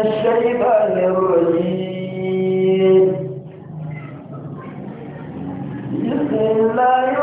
الشيطان الرجيم بسم الله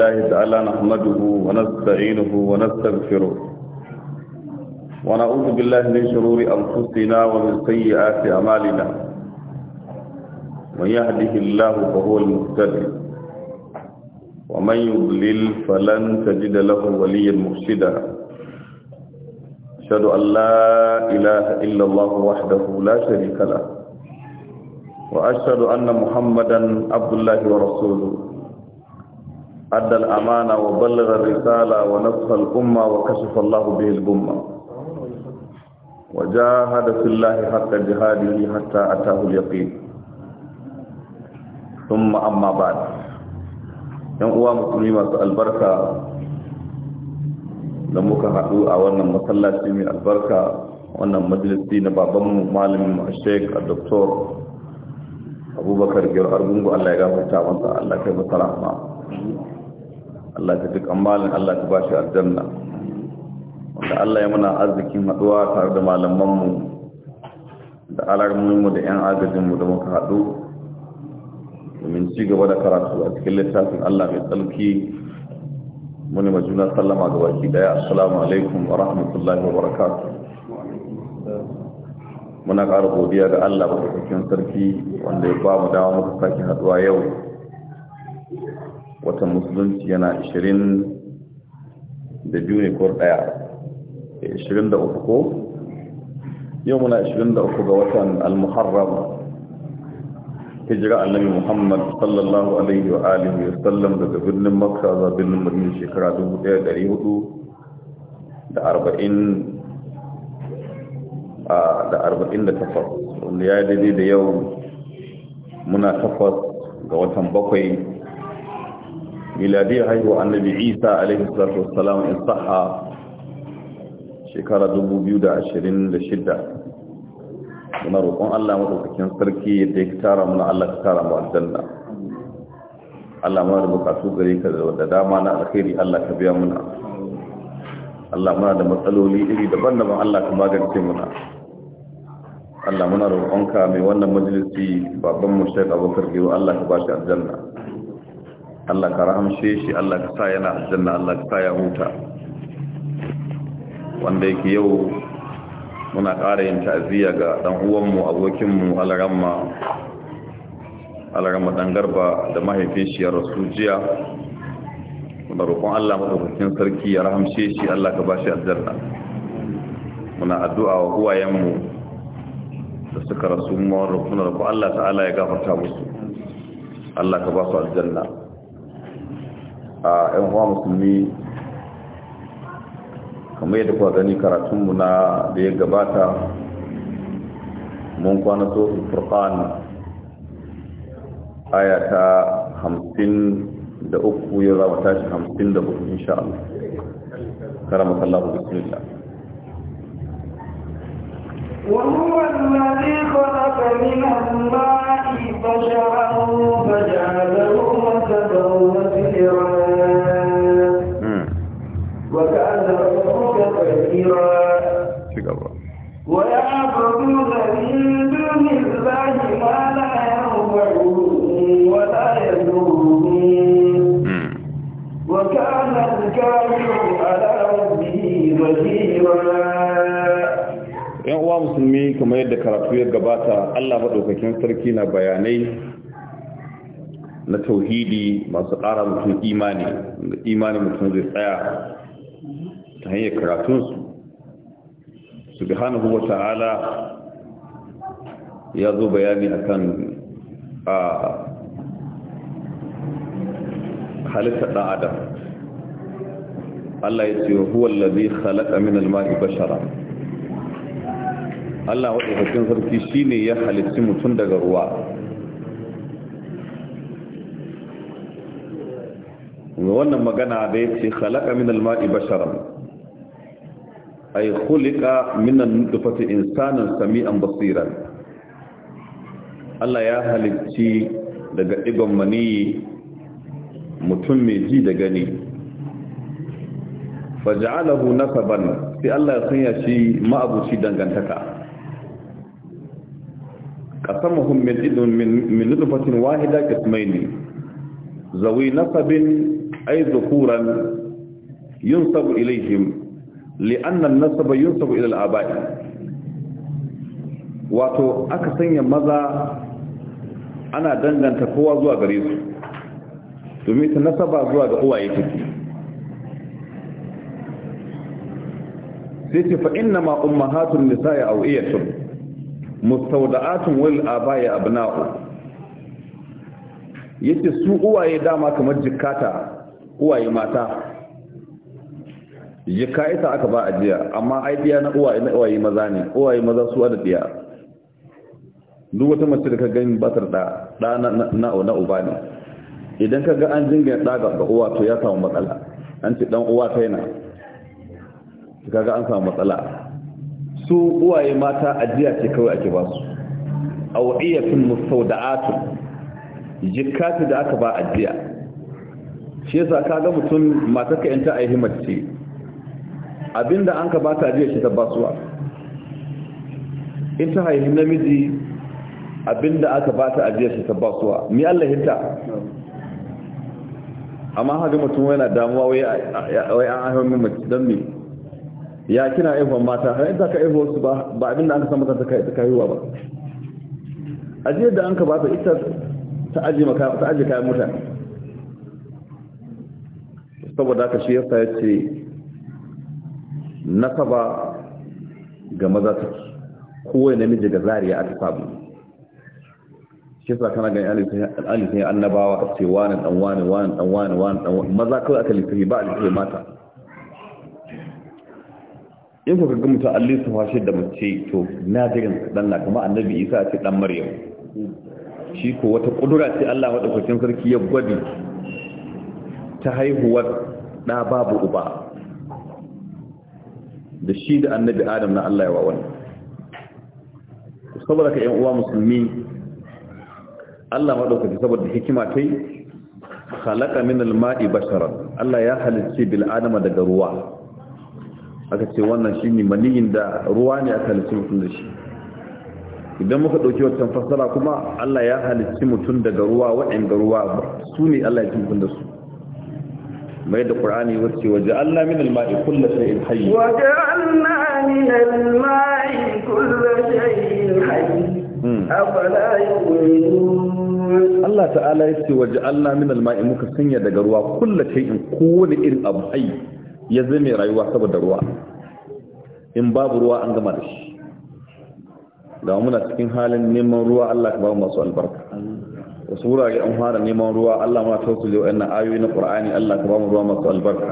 الله تعالى نحمده ونستعينه ونستغفره ونعوذ بالله من شرور أنفسنا ومن سيئات أعمالنا من يهده الله فهو المهتدي ومن يضلل فلن تجد له وليا مرشدا أشهد أن لا إله إلا الله وحده لا شريك له وأشهد أن محمدا عبد الله ورسوله أدى الأمانة وبلغ الرسالة ونصح الأمة وكشف الله به الأمة وجاهد في الله حق جهاده حتى أتاه اليقين ثم أما بعد yan uwa musulmi masu albarka da muka haɗu a wannan masallaci mai albarka wannan majalisi na babanmu malamin sheik a doktor abubakar giyar argungu allah ya gafarta masa allah kai masa Allah ka duk amalin Allah ka bashi aljanna wanda Allah ya muna arzikin haɗuwa tare da malamanmu da alarmunmu da 'yan agajinmu da muka haɗu domin ci gaba da karatu a cikin littafin Allah mai tsarki muni ma juna sallama ga baki daya assalamu alaikum wa rahmatullahi wa barakatuh muna ƙara godiya ga Allah ba sarki wanda ya ba mu dama muka sake haɗuwa yau Wata musulunci yana 20 da biyu ne ko daya 23 eh, ko yau muna 23 ga watan al-muharram hijira annabi muhammad sallallahu alaihi wa alihi wa sallam daga birnin makka zuwa birnin madina shekara 1400 da da wanda ya daidai da yau muna takwas ga watan bakwai miladiyar haihuwa annabi isa alaihi salatu wassalam in saha shekara 2026 muna roƙon allah matsaukakin sarki yadda ya tara muna allah ka tara mu aljanna allah muna da bukatu gare ka da dama na alkhairi allah ka biya muna allah muna da matsaloli iri daban-daban allah ka magance muna Allah muna roƙonka mai wannan majalisi babban mu Sheikh Abubakar Giro Allah ka bashi aljanna Allah ka rahamshe shi Allah ka sa yana aljanna Allah ka sa ya huta wanda yake yau muna ƙara yin ta'aziyya ga dan uwanmu abokinmu alaramma alaramma dan garba da mahaifin shi ya rasu jiya muna roƙon Allah madaukakin sarki ya rahamshe shi Allah ka bashi aljanna muna addu'a wa mu da suka rasu mu muna roƙon Allah ta'ala ya gafarta musu Allah ka ba su aljanna a yan uwa musulmi kamar yadda kuwa gani karatunmu na da ya gabata mun kwana sosu furkan aya ta hamsin da uku ya zama tashi hamsin da hudu insha Allah karamu bismillah وهو الذي خلق من الماء بشرا فجعله مثلا وسيرا وكان ربك كثيرا ويعبدون من دون الله ما لا ينفعهم ولا يضرهم uwa musulmi kamar yadda karatu ya gabata Allah maɗaukakin sarki na bayanai na tauhidi masu ƙara mutum imani da imanin mutum zai tsaya ta hanyar karatunsu su bi hannu wa ta'ala ya zo bayani akan a halittar adam Allah ya ce huwa lalazi khalaqa min al-ma'i bashara Allah waɗaukakin sarki shi ne ya halitti mutum daga ruwa wannan magana da ya ce halaka min alma'i basharan ay khuliqa min an-nutfati insanan sami'an basiran Allah ya halitti daga digon mani mutum mai ji da gani na nasaban sai Allah ya sanya shi ma'abuci dangantaka قسمهم من إذن من من لطفة واحدة قسمين ذوي نسب أي ذكورا ينسب إليهم لأن النسب ينسب إلى الآباء واتو أكسن يمضى أنا دنجن تقوى زوى غريب تميت نسب زوى قوى يتكي سيتي فإنما أمهات النساء أو إيه شرط mustawda'atun wal aba'i abna'u yace su uwaye dama kamar jikkata uwaye mata jikka ita aka ba ajiya amma ai biya na uwaye na uwaye maza ne uwaye maza su da biya duk wata mace da ka gani ba ta da da na na uba ne idan ka ga an jinga da ga uwa to ya samu matsala an ce dan uwa ta yana kaga an samu matsala su uwaye mata ajiya ce kawai ake ba su awiyatun musauda'atun jikati da aka ba ajiya shi yasa kaga mutum mata ka yanta a himmace abinda an ka ba ta ajiya shi ta basuwa in ta haihi namiji abinda aka ba ta ajiya shi ta ba su mi Allah hinta amma haɗe mutum yana damuwa wai an haihu mutum don mai ya kina aihuwan mata har yadda ka aihuwar su ba ba abin da an san samu kanta ta kayuwa ba ajiyar da an ka ba ta ita ta ajiye kayan mutane saboda aka shi yasa ya ce nasaba ga maza ta kowai namiji ga zariya a samu shi yasa kana ganin alifin annabawa a wani dan wani wani dan wani wani maza kawai aka lissafi ba a mata in kuka ga mutum an lissafa shi da mace to nazirin dan na kama annabi isa ce dan maryam shi ko wata kudura ce Allah madaukakin sarki ya gwadi ta haihuwar da babu uba da shi da annabi adam na Allah ya wa wannan saboda ka yan uwa musulmi Allah madaukaki saboda hikima kai khalaqa min al-ma'i basharan Allah ya halicci bil adama daga ruwa aka ce wannan shi ne maniyin da ruwa ne aka halittu mutum da shi idan muka ɗauki wata fassara kuma Allah ya halittu mutum daga ruwa waɗanda ruwa ba su ne Allah ya ci mutum da su mai da ƙur'ani wacce waje Allah min alma'i kulla shay'in hayy waje Allah min alma'i kulla shay'in hayy hmm. afala yu'minun Allah ta'ala yace waje Allah min alma'i muka sanya daga ruwa kulla shay'in kowane irin abu hayy ya zame rayuwa saboda ruwa in babu ruwa an gama da shi da muna cikin halin neman ruwa Allah ka ba masu albarka wasu wurare an fara neman ruwa Allah ma ta wasu wa'annan ayoyi na Qur'ani Allah ka ba mu ruwa masu albarka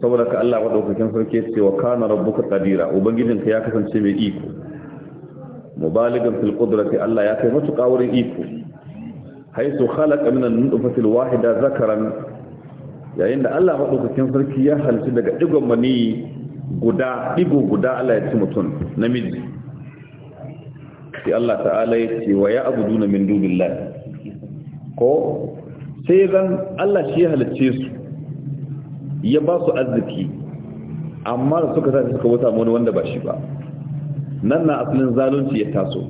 saboda ka Allah ba daukakin sarki ce wa kana rabbuka qadira ubangijinka ya kasance mai iko mubaligan fil qudrati Allah ya kai matuƙa wurin iko haisu khalaqa min an-nutfati al-wahida zakaran yayin da Allah maɗaukakin sarki ya halitta daga ɗigon mani guda ɗigo guda Allah ya ci mutum namiji sai Allah ta'ala ya ce wa ya abu duna min lai ko sai zan Allah shi ya halitta su ya ba su arziki amma da suka sa suka wuta wani wanda ba shi ba nan na asalin zalunci ya taso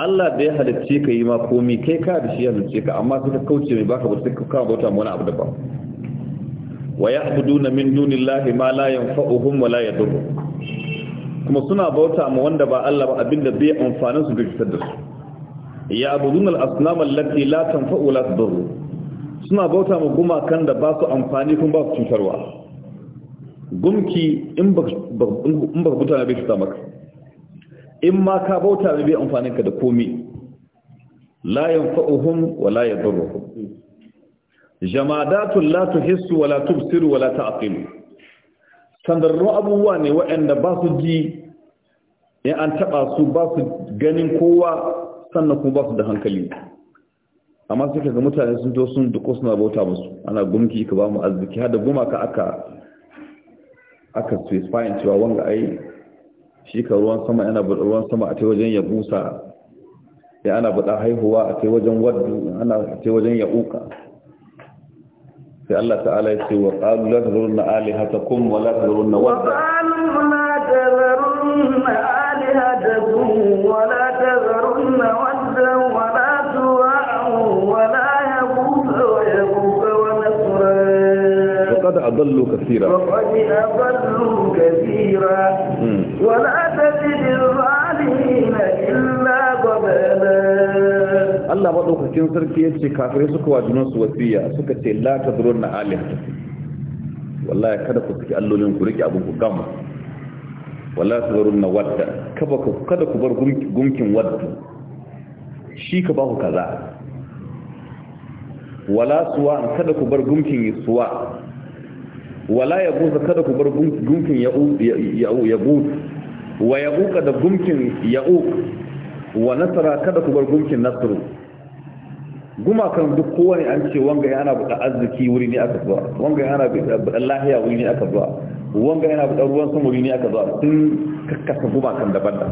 Allah da ya halicce ka yi ma komi kai ka da shi ya halicce ka amma suka kauce mai baka bauta ka kawo bauta wani abu daban wa ya ya'buduna min dunillahi ma la yanfa'uhum wa la yadurru kuma suna bauta ma wanda ba Allah ba abinda bai amfanin su bai da su Ya ya'buduna al-asnama allati la tanfa'u la tadurru suna bauta ma gumakan da ba su amfani kuma ba su cutarwa gumki in ba in ba mutane bai fita maka in ma ka bauta bai amfanin ka da komi la yanfa'uhum wa la yadurruhum jamadatun la tuhissu wa la tubsiru wa la ta'qilu sandarru abubuwa ne waɗanda ba su ji in an taba su ba su ganin kowa sannan kuma ba su da hankali amma ka ga mutane sun to sun duk suna bauta musu ana gumki ka ba mu arziki har da gumaka aka aka specify cewa wanga ai shi ka ruwan sama yana buɗa ruwan sama a ta wajen ya busa ya ana buɗa haihuwa a ta wajen waddu ana a ta wajen ya uka sai Allah ta'ala ya ce wa qalu la tazurunna alihatakum wa la tazurunna wa qalu la tazurunna alihatakum wadda wa la tuwa'u wa la yabuth wa ولا تجد الظالمين إلا ضلالا Allah maɗaukakin sarki ya ce kafirai suka wa junansu wasiya suka ce la ta zuro na alim wallahi kada ku suke allolin ku rike abin ku gama wallahi ta zuro na wadda kada ku bar gunkin wadda shi ka ba ku kaza wala suwa kada ku bar gunkin yi suwa wala ya gusa kada ku bar gunkin ya wa ya da gunkin ya wa nasara kada ku bar gumkin nasaru kan duk kowane an ce wanga yana buɗa arziki wuri ne aka zuwa wanga yana buɗa lahiya wuri ne aka zuwa wanga yana buɗa ruwan sama wuri ne aka zuwa sun kakkasa kan daban-daban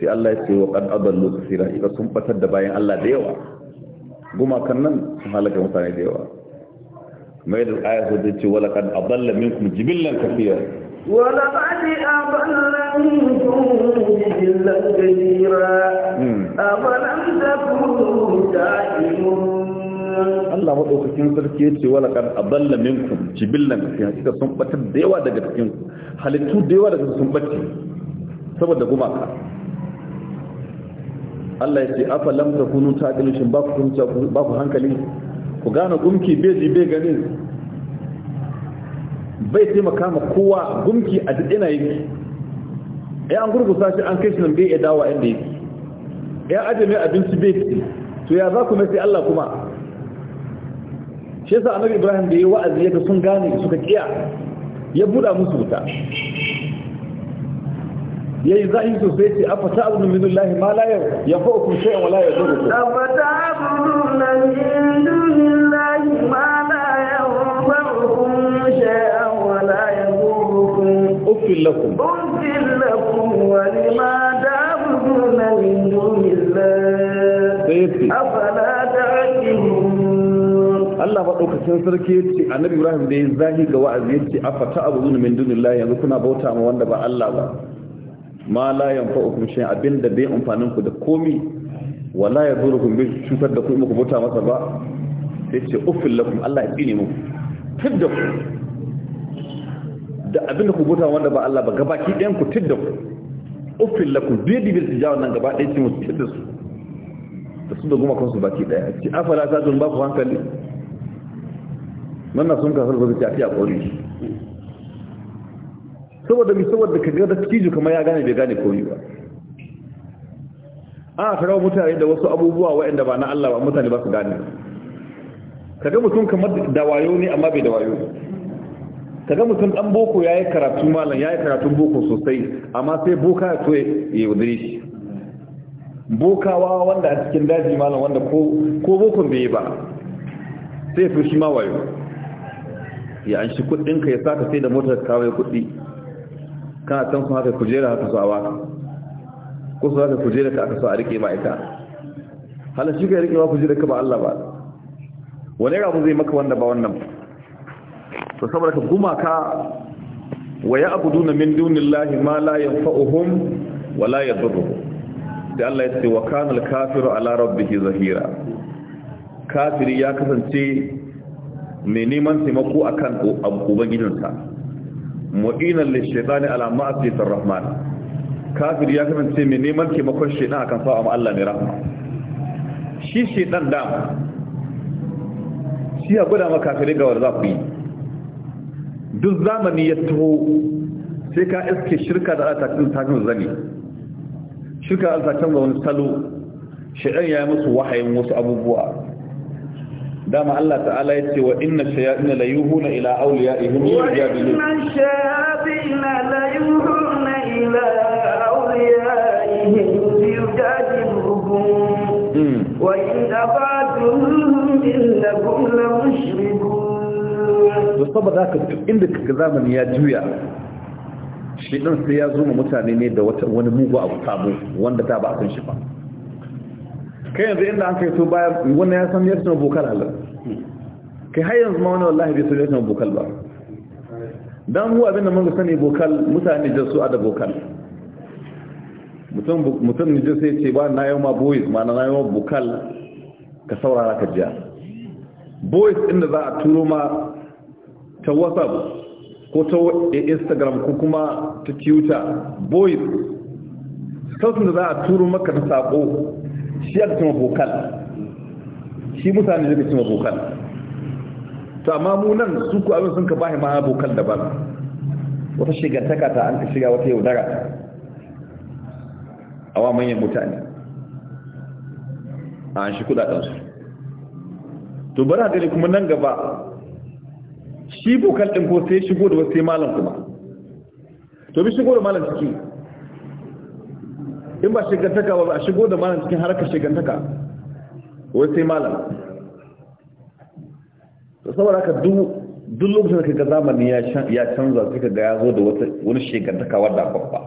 sai Allah ya ce wa kan lokacin kasira idan sun batar da bayan Allah da yawa Guma kan nan sun halaka mutane da yawa mai da aya so zai ce wala kan aballa minkum jibillan kafiya wala qad aballa minkum jibillan kathira hmm. afalam takunu ta'imun Allah madaukakin sarki ya ce wala kan aballa minkum jibillan kafiya kika sun batar da yawa daga cikin halittu da yawa daga sun bace saboda gumaka Allah ya ce afalam takunu ta'qilun ba ku hankali ku gane gumki beji bai ganin bai taimaka ma kowa gumki a duk ina yake ya an gurgusa shi an kai shi nan bai ya dawa inda yake ya aje mai abinci bai ci to ya za ku mai sai Allah kuma shi yasa annabi Ibrahim da ya wa'azi yaga sun gane suka kiya ya buda musu wuta yayi zahi sosai ce afa ta'budu min billahi ma la yanfa'ukum shay'an wa la yadurrukum afa ta'buduna min dunillahi ma la yanfa'ukum shay'an wa la yadurrukum uffil lakum uffil lakum wa lima ta'buduna min dunillahi afala Allah maɗaukacin sarki ya ce annabi Ibrahim da ya zahi ga wa'azi ya ce afa ta'budu min dunillahi yanzu kuna bauta ma wanda ba Allah ba ma la yanfa'ukum shay'an abinda bai amfanin ku da komi wala yadurukum bi cutar da ku ku bota masa ba sai ce uffil lakum Allah ya tsine mu. tidda ku da abinda ku bota wanda ba Allah ba gabaki ɗayan ku tidda ku uffil lakum bi dibi tijawan nan gaba ɗayan mu tidda su da su da goma kansu baki ɗaya ci afala ta ba ku hankali manna sun ka ba su tafi a ƙori saboda mai saboda ka ga dattijo kamar ya gane bai gane komai ba a tarawa mutane da wasu abubuwa waɗanda ba na Allah ba mutane ba su gane ka ga mutum kamar da wayo ne amma bai da wayo ka ga mutum ɗan boko ya yi karatu malam ya yi karatun boko sosai amma sai boka ya toye ya wudure shi bokawa wanda a cikin daji malam wanda ko bokon bai yi ba sai ya fi shi ma wayo ya an shi kuɗinka ya saka sai da motar kawai kuɗi Ka kana can su haka kujera haka su a baka ko su haka kujera ka aka so a rike ma'aika? ita hala shi ka rike ma kujera ka ba Allah ba wani rabu zai maka wanda ba wannan to saboda ka gumaka wa ya'buduna min dunillahi ma la yanfa'uhum wa la yadurruhum sai Allah ya ce wa kana al-kafiru ala rabbihi zahira kafiri ya kasance mai neman taimako akan ubangijinsa mu'inan lishaitani ala ma'asitar rahman kafir ya ce mai neman taimakon shaitan akan sa'a ma Allah ne rahma shi shaitan da shi ya gwada maka kafirai ga za ku yi duk zamani ya taho sai ka iske shirka da ala takin zane shirka da ala takin wani salo shaitan ya yi musu wahayin wasu abubuwa dama Allah ta'ala ya ce wa inna shayatin la yuhuna ila awliyaihim yujadilun inna shayatin la yuhuna ila awliyaihim yujadilun hmm. wa in abatuhum innakum la mushrikun to saboda haka duk inda kaga zamani ya juya shi dan sai ya zo mutane ne da wani mugu abu sabo wanda ta ba a san shi ba kai yanzu inda an kai so baya wannan ya san yadda bukal Allah kai har yanzu ma wani wallahi bai san ya tuna ba dan mu abinda mun sani bukal mutane da su a da mutum mutum ne sai ce ba na yau ma boys ma na yau bukal ka saurara ka jiya boys inda za a turo ma ta whatsapp ko ta instagram ko kuma ta twitter boys sautin da za a turo maka na sako shi aka cima bokal shi mutane da cima bokal to amma mu nan su ku abin sun ka bahi ma bokal daban wata shigantaka ta an ka shiga wata yaudara a wa manyan mutane a an shi kudadansu to bari gani kuma nan gaba shi bokal ɗin ko sai shigo da wasu malam kuma to bi shigo da malam ciki in ba shigantaka ba a shigo da malam cikin harkar shigantaka wai sai malam da saboda haka duk lokacin da kaga zamani ya canza sai kaga ya zo da wani shigantaka wadda babba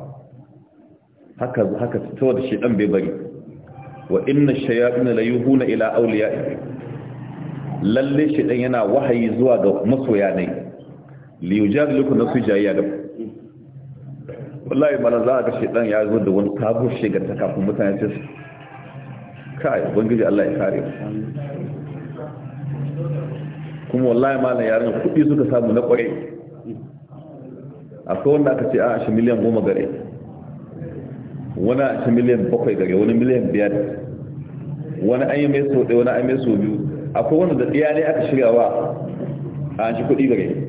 haka haka fito da shi dan bai bari wa inna shayatin la yuhuna ila awliya'i lalle shi dan yana wahayi zuwa ga masoya ne li yujadilukum nasu jayya da wallahi mana za a ga dan ya zo da wani sabon shiga ta kafin mutane ce su kai ubangiji Allah ya kare kuma wallahi ya rinka kuɗi suka samu na ƙware akwai wanda aka ce a shi miliyan goma gare wani a shi miliyan bakwai gare wani miliyan biyar wani an yi mai sau wani an yi mai sau biyu akwai wanda da ɗaya ne aka shirya wa a shi kuɗi gare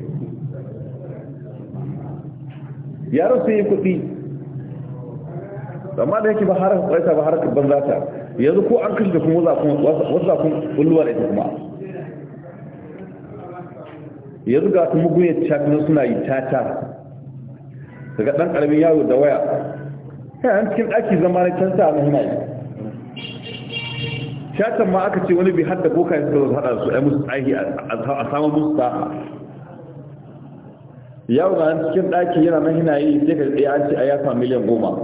ya sai yi kuɗi amma da yake ba har kwaita ba har kabban zata yanzu ko an kashe da kuma wasu zafin kulluwa da ita kuma yanzu ga kuma guyar cakinin suna yi ta daga ɗan ƙaramin yaro da waya yana cikin ɗaki zama na canta a mahina yi shatan ma aka ce wani bai hadda boka yin suka haɗa su a musu tsahi a samun musu ta yawo na cikin ɗaki yana nan yana yi sai ka tsaye an ce a ya miliyan goma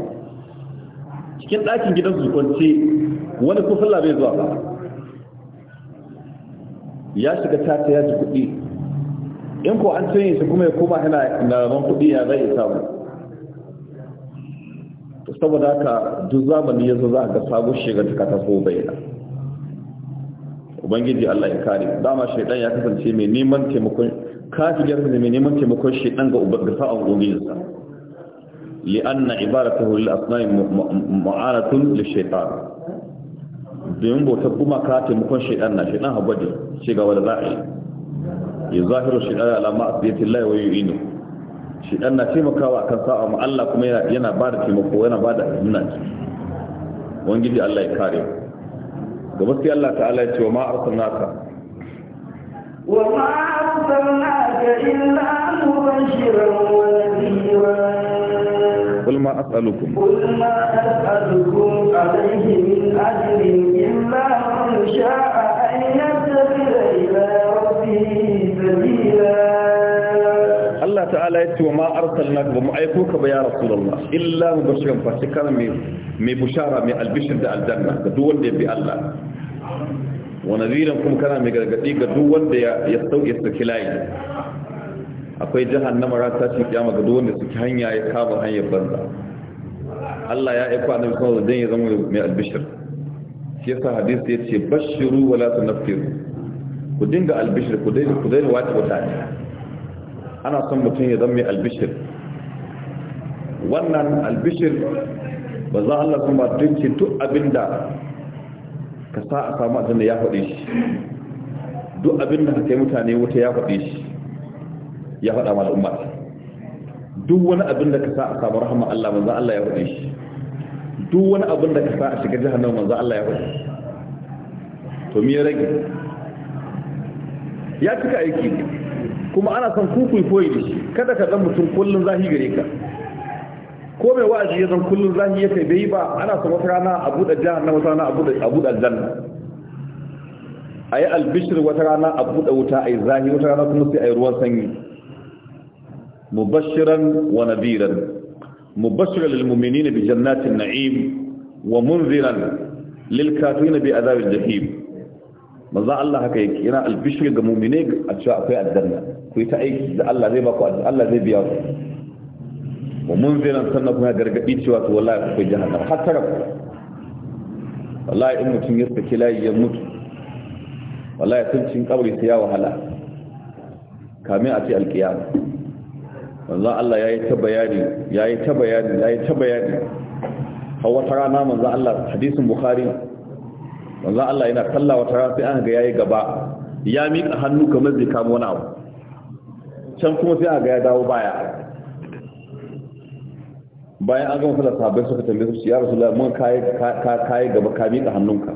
cikin ɗakin gidan su kwanci wani ko labe zuwa ba ya shiga tata ya ji kuɗi in ko an canye shi kuma ya koma yana na rabon kuɗi ya zai samu saboda haka duk zamani ya zo za a ga sabon shigar ta kata so bayyana ubangiji Allah ya kare dama shaidan ya kasance mai neman taimakon kafijar da mai neman taimakon shi ɗan ga ubangasa a ubangijinsa li'anna ibaratuhu lil asnam mu'aratun da shaitan domin bautar kuma ka taimakon shaitan na shaitan habadi ce ga wanda za'a a yi ya zahiru shaitan ala ma'asiyatin lahi wa yu'inu shaitan na taimakawa kan sa'a ma Allah kuma yana ba da taimako yana ba da himma wangiji Allah ya kare ga gaskiya Allah ta'ala ya ce wa ma arsalnaka wa ma أرسلناك إلا مبشرا ونذيرا قل ما أسألكم قل ما أسألكم عليه من أجر إلا من شاء أن يتخذ إلى ربه سبيلا Allah ta'ala ya ce wa ma arsalnaka ba mu aiko ka ba ya rasulullah illa mubashiran fa sai kana mai bushara mai albishir da aljanna da duk wanda ya bi Allah wa naziran kuma kana mai gargadi ga duk wanda ya sauke suke layi akwai jahannama na Marasa ci kiyama ga duk wanda suke hanya ya kama hanyar banza Allah ya aika annabi sallallahu alaihi wasallam ya zama mai albishir shi yasa hadisi ce bashiru wa la tunfiru ku dinga albishir ku dai ku dai wata wata ana son mutum ya zama mai albishir wannan albishir ba za Allah sun ba tunci duk abinda ka sa a samu aljanna ya faɗe shi duk abin da ka kai mutane wuta ya faɗe shi ya faɗa ma al'umma duk wani abin da ka sa a samu rahama Allah manzo Allah ya faɗe shi duk wani abin da ka sa a shiga jahannama manzo Allah ya faɗe to me ya rage ya cika aiki kuma ana son ku kuyi koyi da shi kada ka zan mutum kullun zahi gare ka ko mai wa'azi ya zan kullum zahi ya kai bai ba ana sa wata rana a buɗe jihar na wata rana a buɗe aljanna a yi albishir wata rana a buɗe wuta a yi zahi wata rana kuma sai a yi ruwan sanyi mubashiran wa nadiran mubashiran lilmuminina bi jannatin na'im wa munziran lil kafirin bi azabil jahim manzo Allah haka yake yana albishir ga mu'mine a cewa akwai aljanna ku yi ta aiki da Allah zai ba ku Allah zai biya ku wa nan sannan kuma gargaɗi cewa to wallahi kai jahannam har tara wallahi in mutum ya saki layi ya mutu wallahi sun cin kabari sai ya wahala kamin a ce alkiyama manzo Allah yayi ta bayani yayi ta bayani yayi ta bayani har wata rana manzo Allah hadisin bukhari manzo Allah yana kalla wata rana sai an ga yayi gaba ya miƙa hannu kamar zai kama wani abu can kuma sai a ga ya dawo baya bayan an gama sallah sahabbai suka tambaye su ya rasulullah mun kai kai gaba ka miƙa hannunka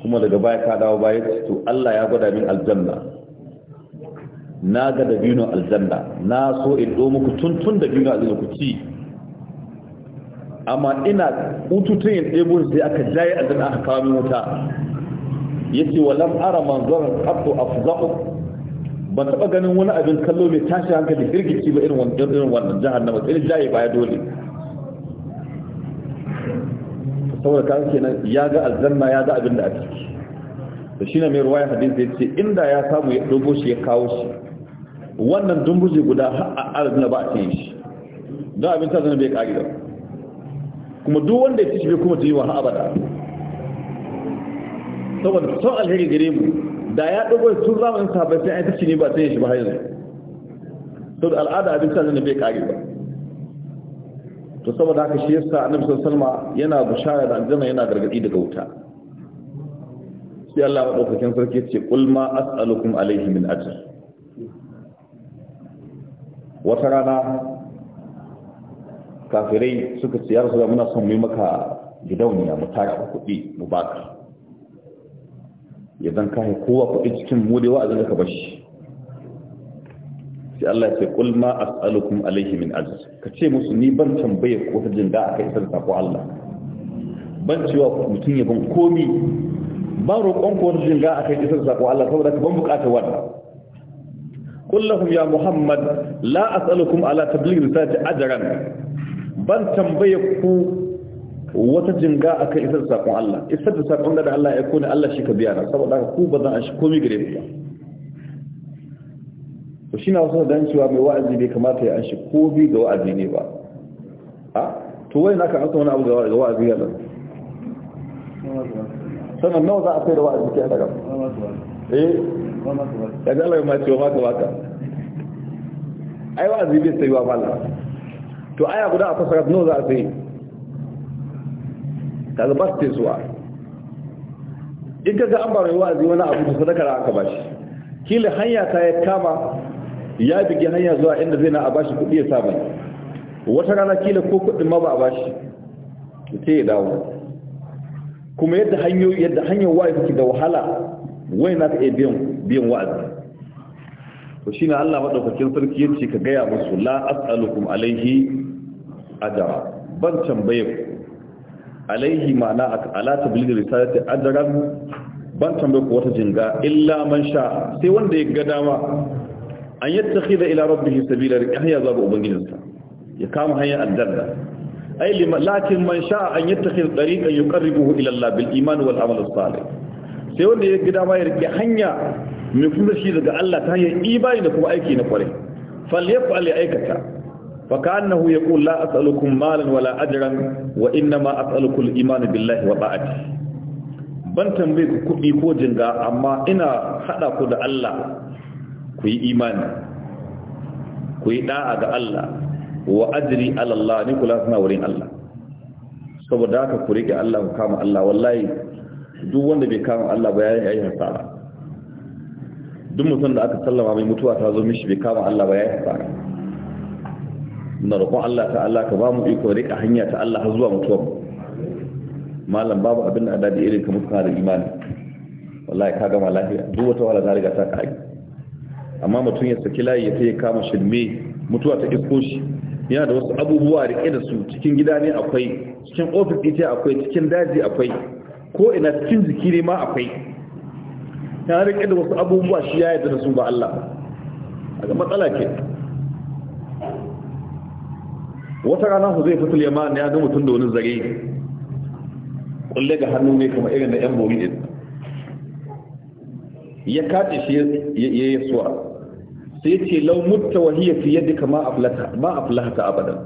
kuma daga baya ka dawo baya to Allah ya gwada min aljanna na ga dabino aljanna na so in do muku tuntun dabino aljanna ku ci amma ina ututun yin ɗebo sai aka jaye aljanna aka kawo min wuta yace walam ara manzaran qattu afzahu ban taɓa ganin wani abin kallo mai tashi hankali girgiki ba irin wannan jihar na matsayin jaye baya dole saboda kan kenan ya ga aljanna ya ga abin da a ciki da shi ne mai ruwa ya hadin ya ce inda ya samu ya dogo shi ya kawo shi wannan dumbuje guda a aljanna ba a ce shi don abin ta zana bai kage da kuma duk wanda ya ci shi bai kuma ji wa abada saboda son alheri gare mu da ya dogo tun zamanin sahabbai sai an ta ne ba sai ya shi ba yanzu to da al'ada abin sa da bai kare ba to saboda haka shi yasa annabi sallallahu alaihi yana bushara da aljanna yana gargadi daga wuta sai Allah madaukakin sarki ce qul ma as'alukum alaihi min ajr wata rana kafirai suka ce ya rasu da muna son mu yi maka gidauniya mu tashi kuɗi mu baka ya zan kai kowa kuɗi cikin mu a wa'azin ka bashi sai Allah ya ce qul ma as'alukum alayhi min ajr ka ce musu ni ban tambaye ko ta jin da aka isar sako Allah ban cewa mutum ya ban komi ba roƙon ko ta jin da aka isar sako Allah saboda ka ban buƙatar wannan qul lahum ya muhammad la as'alukum ala tabligh risalati ajran ban tambaye ku wata jinga a kan isar da saƙon Allah isar da saƙon da Allah ya kone Allah shi ka biya na saboda haka ku ba zan a shi komi gare ku ba to shi na wasu dan cewa mai wa'azi bai kamata ya an shi komi ga wa'azi ne ba a to wai ka aka wani abu ga wa'azi ya nan sannan nawa za a kai da wa'azi ke daga eh ya ga Allah ya mace ce wa maka baka ai wa'azi bai sai wa bala. to aya guda a fasara nawa za a sai kaga ba su ce in ka ga an ba mai wa'azi wani abu da sadaka da ba bashi kila hanya ta ya kama ya bige hanya zuwa inda zai na a bashi kuɗi ya saba wata rana kila ko kuɗin ma ba a bashi ta yi dawo kuma yadda hanyoyi yadda hanyar wa'azi take da wahala wai na ta iya biyan wa'azi to shi ne Allah madaukakin sarki yace ka gaya musu la as'alukum alaihi ajra ban tambaye ku alaihi ma'ana ala tabligh risalati ajran ban tambaye ku wata jinga illa man sha sai wanda ya ga dama an yattakhidha ila rabbih sabila riqahiya zabu ubangijinsa ya kama hanya addarda ay lakin man sha an yattakhidha tariqan yuqarribuhu ila Allah bil iman wal amal salih sai wanda ya ga dama ya rike hanya mai kuma shi daga Allah ta hanyar imani da kuma aiki na kwarai falyaf'al aikata فكأنه يقول لا أسألكم مالا ولا أجرا وإنما أسألكم الإيمان بالله وطاعته ban tambaye ku kuɗi ko jinga amma ina haɗa ku da Allah ku yi imani ku yi ɗa'a ga Allah wa ajri ala Allah ni kula suna wurin Allah saboda haka ku rike Allah ku kama Allah wallahi duk wanda bai kama Allah ba ya yi hasara duk mutum da aka sallama mai mutuwa ta zo mishi bai kama Allah ba ya yi hasara na roƙon Allah ta'ala ka ba mu iko rika hanya ta Allah har zuwa mutuwa malam babu abin da adadi irin ka mutuwa da imani wallahi ka gama lafiya duk wata wala za riga ta kai amma mutum ya saki layi ya kai kama shirme mutuwa ta iko shi yana da wasu abubuwa rike da su cikin gida ne akwai cikin ofis ita akwai cikin daji akwai ko ina cikin jiki ne ma akwai yana rike da wasu abubuwa shi ya yarda da su ba Allah a ga matsala ke wata rana su zai fitul yamma ne ya ga mutum da wani zare kulle ga hannu ne kuma irin da yan bori din ya kaɗe shi ya yi suwa sai ce lau mutta wahiyya fi yadda ma a ma abada.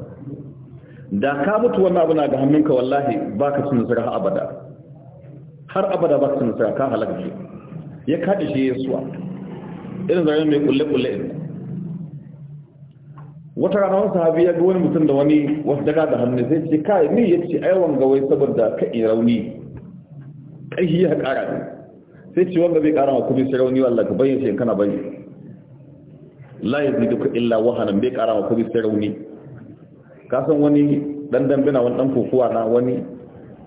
da ka mutu wani abu na ga hannunka wallahi baka cin nasara abada har abada baka cin nasara ka halaka shi ya kaɗe shi ya yi suwa irin zaren mai kulle kulle din wata rana wani sahabi ya ga wani mutum da wani wasu daga da hannu sai ce kai ni ya ce ai wanga wai saboda yi rauni kai ya ƙara ne sai ce wanga bai ƙara ma kuma sai rauni wallah ka bayyana shi kana bayyana la duka illa wahanan bai ƙara ma kuma sai rauni ka san wani dan dambina wani dan kokuwa na wani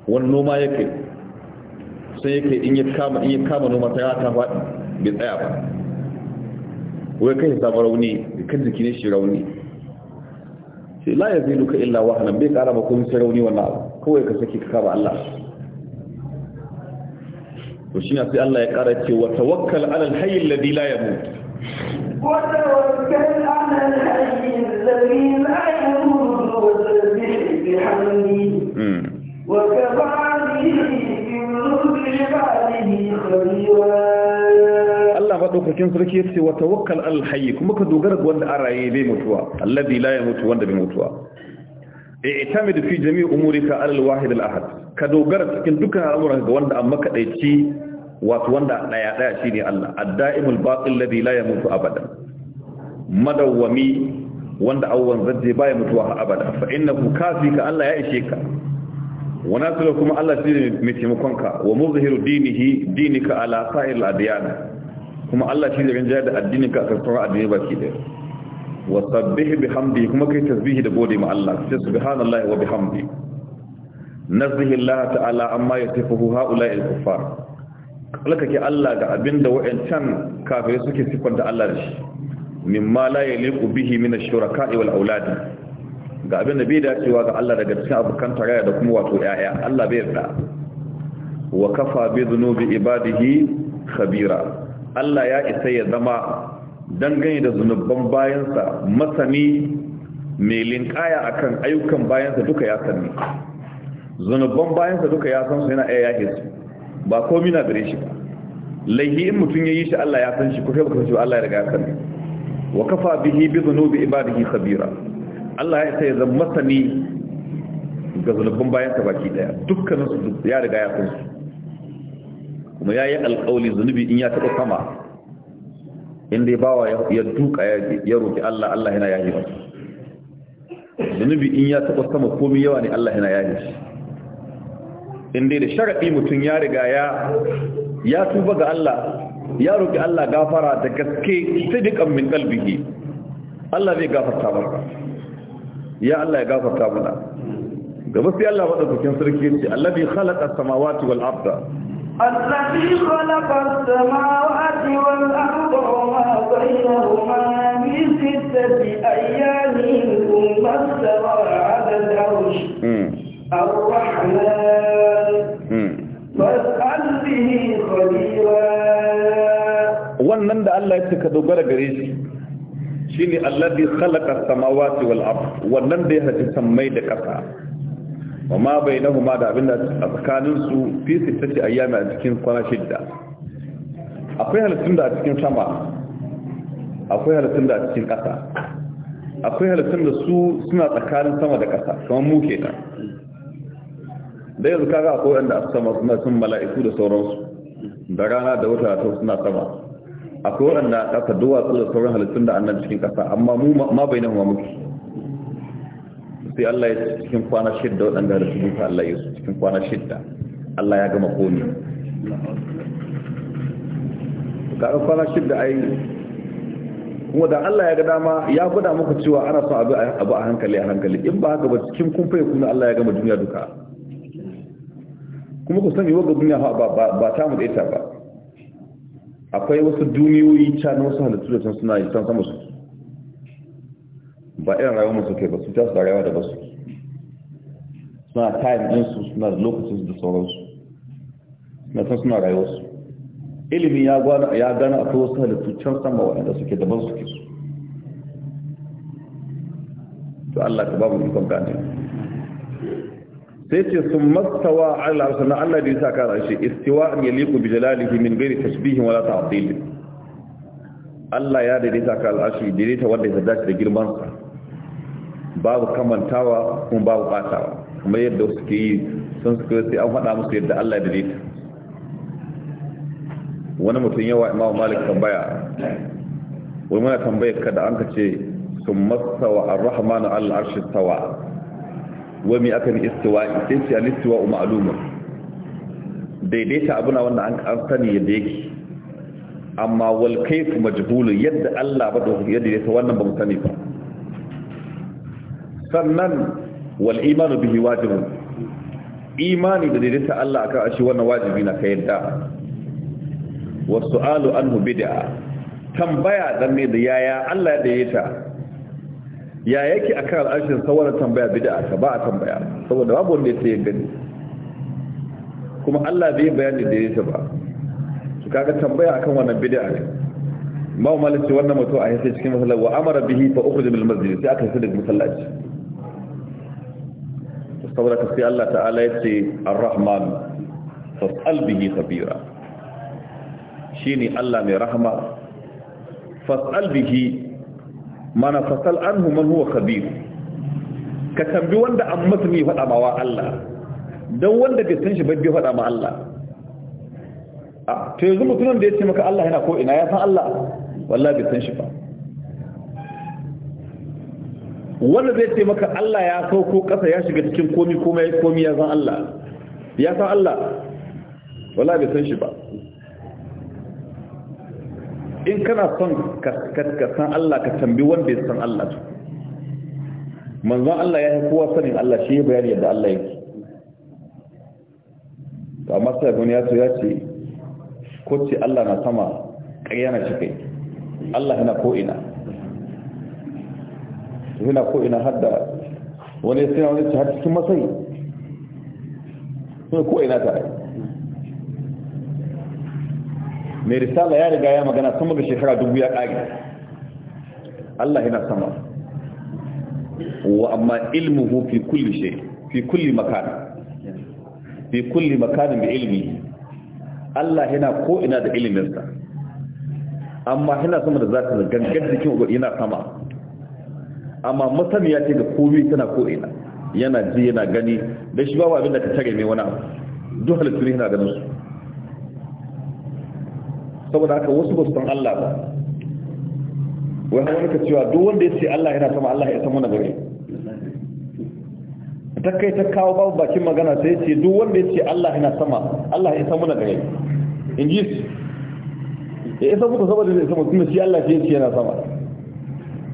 wani noma yake sai yake in ya kama in ya kama noma ta ta faɗi bai tsaya ba wai kai sabon rauni kan jiki ne shi rauni sai la ya zilu ka illa wahanan bai kara kun sarauni wannan abu kawai ka saki ka kaba Allah to shi sai Allah ya kara ce wa tawakkal ala alhayy alladhi la yamut wa tawakkal ala alhayy alladhi la yamut wa sabbih bihamdihi wa kafa bihi bi dhikri ibadihi khabira madaukakin sarki yace wa tawakkal al hayy kuma ka dogara ga wanda araye bai mutuwa alladhi la yamutu wanda bai mutuwa i'tamid fi jami'i umurika ala al wahid al ahad ka dogara cikin dukkan al'amuran ga wanda amma ka daici wato wanda daya daya shine Allah ad-da'imul baqi alladhi la yamutu abada madawwami wanda awwan zadde baya mutuwa abada fa innahu kafika Allah ya ishe ka wa kuma Allah shine mai taimakon ka wa muzhiru dinihi dinika ala sa'il adiyana kuma Allah shi zai jaya da addini ka akan sauran addini baki da wa sabbih bihamdi kuma kai tasbihi da gode ma Allah sai subhanallahi wa bihamdi nazihi Allah ta'ala amma yasifuhu haula'il kuffar alkake Allah ga abinda wa'ancan kafirai suke sifanta Allah da shi mimma la yaliqu bihi min ash-shuraka'i wal auladi ga abinda bai dacewa ga Allah daga cikin abokan tarayya da kuma wato yaya Allah bai yarda wa kafa bi dhunubi ibadihi khabira Allah ya isa ya zama dangane da zunubban bayansa masani mai linkaya akan ayyukan bayansa duka ya sani zunubban bayansa duka ya san su yana iya yake su ba komi na gare shi ba laihi in mutum ya yi shi Allah ya san shi kai baka shi Allah ya riga ya sani wa kafa bihi bi zunubi ibadihi khabira Allah ya isa ya zama masani ga zunubban bayansa baki daya dukkanin su ya riga ya san su kuma ya yi alƙawli zunubi in ya taɓa sama inda ya bawa ya duka ya roƙi Allah Allah yana yahi ba zunubi in ya taɓa sama komi yawa ne Allah yana yahi shi inda da sharaɗi mutum ya riga ya ya tuba ga Allah ya roƙi Allah gafara da gaske sidikan min kalbihi Allah zai gafarta maka ya Allah ya gafarta mana gaba sai Allah madaukakin sarki ce, Allah bai khalaqa samawati wal arda الذي خلق السماوات والأرض وما بينهما في ستة أيام ثم استوى على العرش الرحمن فاسأل به خبيرا wannan da Allah ya ce ka dogara gare shi shine alladhi khalaqa as-samawati wal ard wannan da ya haji sammai da ƙasa wa ma bai na kuma da abin da a tsakaninsu ta ce ayyami a cikin kwana shidda akwai halittun da a cikin sama akwai halittun da a cikin ƙasa akwai halittun da su suna tsakanin sama da ƙasa kamar mu kenan da yanzu kaga akwai wanda a sama suna sun mala'iku da sauransu da rana da wata ta suna sama akwai wanda ƙasa duwatsu da sauran halittun da annan cikin ƙasa amma mu ma bai na muke sai Allah ya cikin kwana shidda waɗanda da su Allah ya cikin kwana shidda Allah ya gama komi ƙarar kwana shidda yi kuma da Allah ya ga dama ya guda muku cewa ana son abu a hankali a hankali in ba haka ba cikin kun faye kuna Allah ya gama duniya duka kuma ku sani waga duniya ba ta mu da ita ba akwai wasu duniyoyi can wasu halittu da can suna yi can sama su ba irin rayuwar masu ke ba su tasu da rayuwa da ba su suna time din su suna lokacin da sauransu na san suna rayuwar su ilimi ya gana a kowace halittu can sama waɗanda suke daban suke su to Allah ka babu ikon gane sai ce sun mastawa Allah na Allah da bai sa kara shi istiwa an yi liku bi jalalihi min ghairi tashbihin wala ta'dil Allah ya daidaita ka al'ashi daidaita wanda ya dace da girman sa babu kamantawa kuma babu batawa kuma yadda suke yi sun suka sai an faɗa musu yadda Allah da ta wani mutum yawa imamu malik tambaya wani mana tambaya kada an ka ce sun masawa ar-rahmanu al-arshi tawa wa mi akan istiwa'i sai ce al-istiwa'u ma'lumun daidaita abuna wanda an sani yadda yake amma wal kayfu majhulun yadda Allah ba da yadda yake wannan ba mu sani ba sannan wal imanu bihi wajibun imani da daidaita Allah akan ashi wannan wajibi na ka yadda wa su'alu anhu bid'a tambaya dan ne da yaya Allah ya daidaita ya yake akan al'arshin sawara tambaya bid'a ta ba a tambaya saboda babu wanda ya sai gani kuma Allah bai bayani da daidaita ba su kaga tambaya akan wannan bid'a ne ba mu malaci wannan mutum a yace cikin masallaci wa amara bihi fa ukhrij min al-masjid sai aka hisa daga masallaci saboda ka sai Allah ta'ala ya ce ar-rahman fas'al bihi khabira shine Allah mai rahama fas'al bihi mana fasal anhu man huwa khabir ka tambi wanda an masani faɗa ma wa Allah don wanda bai san shi bai faɗa ma Allah ah, to yanzu mutumin da ya ce maka Allah yana ko ina ya san Allah wallahi bai san shi ba wanda zai ce maka Allah ya sauko ƙasa ya shiga cikin komi komai komi ya san Allah ya san Allah wala bai san shi ba in kana son ka san Allah ka tambi wanda ya san Allah to manzon Allah ya yi kowa sanin Allah shi bayani yadda Allah yake to amma sai gani ya ya ce ko ce Allah na sama ƙarya na shi kai Allah yana ko ina yana ko ina hadda wani ya tsina wani ci har cikin masai suna ko ina ta mai risala ya riga ya magana sama da shekara dubu ya ƙage Allah yana sama wa amma ilmuhu fi kulli shay fi kulli makana fi kulli makana bi ilmi Allah yana ko ina da ilminsa amma yana sama da zaka gangan jikin yana sama amma masaniya ce da komai tana ina yana ji yana gani da shi ba abin da ka tare mai wani abu duk halittu ne yana ganin su saboda haka wasu ba su san Allah ba wai wani ka cewa duk wanda ya ce Allah yana sama Allah ya sama na gare ta kai ta kawo babu bakin magana sai ya ce duk wanda ya ce Allah yana sama Allah ya sama na gare in ji su ya isa muku saboda ya sama kuma shi Allah ya ce yana sama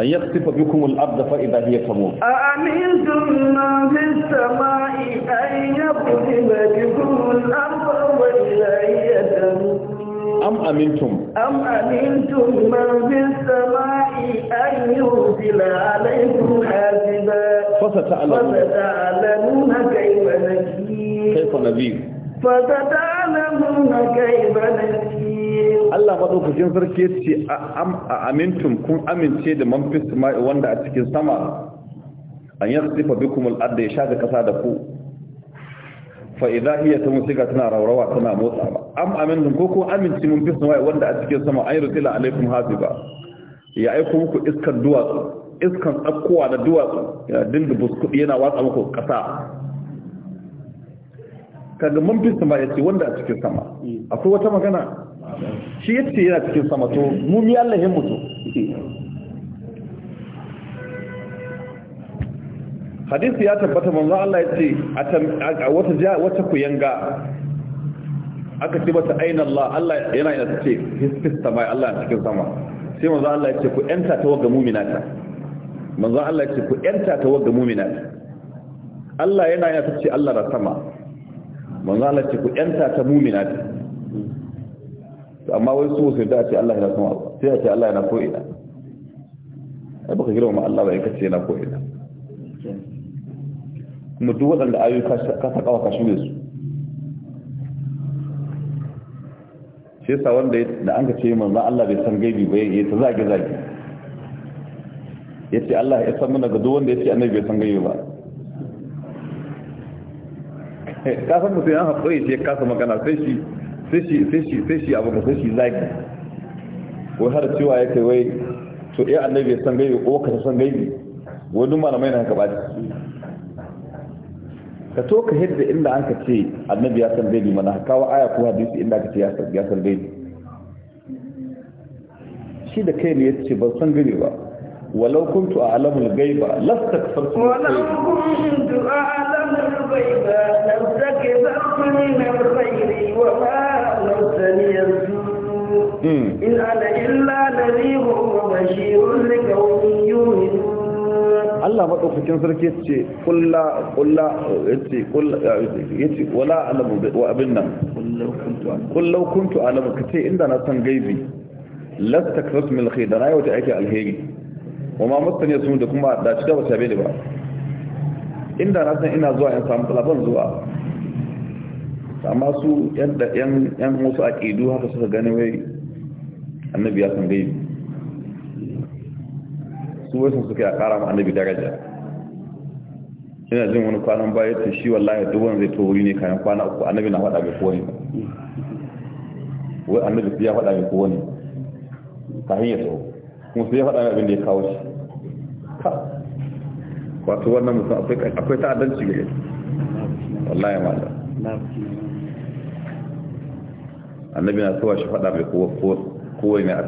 أن يخسف بكم الأرض فإذا هي تموت أأمنتم من في السماء أن يقسم بكم الأرض وإذا هي تموت أم أمنتم أم أمنتم من في السماء أن يرسل عليكم حاسبا فستعلمون كيف نجيب كيف نجيب فتتعلمون كيف نكير الله مدوكين sarki a amintum kun amince da man fis sama'i wanda a cikin sama an yaksifa bikum al-ard ya shaga ƙasa da ku fa iya ta musika tana rawrawa tana motsa ba am amintum ko kun amince mun fis sama'i wanda a cikin sama An ay rusila hafi ba. ya aiko muku iskar duwatsu iskan tsakkowa da duwatsu ya dinda buskudi yana watsa muku ƙasa. kaga mun sama ya ce wanda a cikin sama mm. akwai wata magana shi ya ce yana cikin sama to mu mi Allah ya mutu hadisi ya tabbata manzo Allah ya ce a wata wata kuyanga aka ce mata aina Allah Allah yana yana ce fis sama Allah a cikin sama sai manzo Allah ya ce ku yanta ta waga mu'minata manzo Allah ya ce ku yanta ta waga mu'minata Allah yana yana ta ce Allah da sama manzo Allah ce ku yanta ta mu'mina to amma wai su sai da ce Allah ya son abu sai ce Allah yana ko ina ai baka girma ma Allah bai in kace yana ko ina kuma duk waɗanda ayyuka ka saka wa ne su shi yasa wanda da an ka ce manzo Allah bai san gaibi ba yayi ta zage zage yace Allah ya san mana ga duk wanda yace annabi bai san gaibi ba ka mutum ya haƙuri ce kasa magana sai shi sai shi abu da sai shi zaki wai har cewa ya kai wai to iya eh, annabi ya san gaibi ko ka san gaibi wani malamai na haka ba ka to ka hidda inda an ka ce annabi ya san gaibi mana kawo aya ko hadisi inda ka ce ya san gaibi shi da kai ne ya ce ban san gaibi ba walau kuntu a'lamul gaiba lastakfartu walau kuntu a'lamul تعلم الغيب لم Allah maɗaukakin sarki ya ce kulla kulla ya ce ya ce wala alamu wa abin nan kullau kuntu alamu ka ce inda na san gaibi lasta kasu milkhai da na yi wata aiki alheri wa ma mutane sun da kuma da cika ba ba inda na san ina zuwa in samu talaban zuwa amma su yan wasu aƙidu haka suka gani wai annabi ya san gaibi su wasu suka ya ƙara ma annabi daraja ina jin wani kwanan baya ta shi wallahi duk wani zai tori ne kayan kwana uku annabi na faɗa mai kowane wai annabi ya faɗa mai kowane ta hanyar tsawo kuma su ya faɗa mai abin da ya kawo shi wato wannan mutum akwai ta'addanci gare wallahi mata annabi na tsawa shi faɗa mai kowai ne a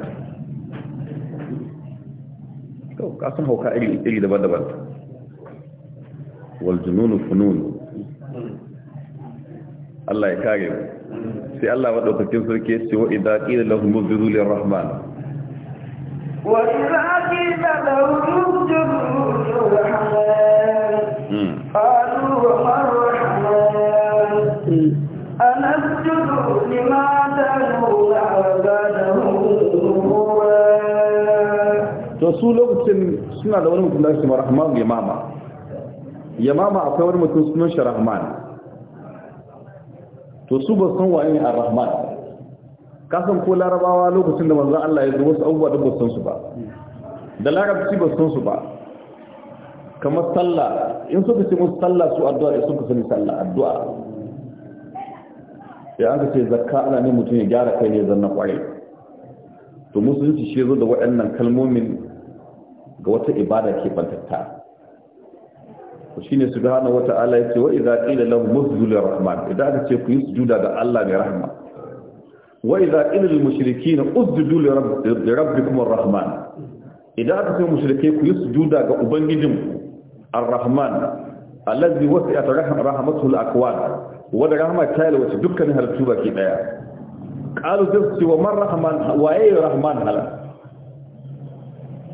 ta kasan hauka iri daban-daban waljununu fununu Allah ya kare sai Allah maɗaukakin sarki ya ce wa idan ƙila lahun mubiru lirrahman وإذا قيل لهم اسجدوا للرحمن قالوا وما الرحمن su lokacin suna da wani mutum da shi rahman yamama yamama akwai wani mutum sunan shi rahman to su ba san waye a rahman kasan ko larabawa lokacin da manzon Allah ya zo wasu abubuwa da basu su ba da larabci basu su ba kamar sallah in suka ce musu sallah su addu'a sun ka sani sallah addu'a ya an ce zakka ana ne mutum ya gyara kai ne zanna kwarai to musulunci shi zo da waɗannan kalmomin ga wata ibada ke bantatta ku shine subhanahu wata'ala yace wa idza qila lahu musjudu lirrahman idan aka ce ku yi sujuda ga Allah mai rahma وإذا إن المشركين أسجدوا لربكم الرحمن إذا أردت المشركين يسجدوا لأبنجهم الرحمن الذي وسعت رحمته الأكوان وده رحمة تالي وتدكن لتوبة كده قالوا ذلك ومن رحمن وأي رحمن هلا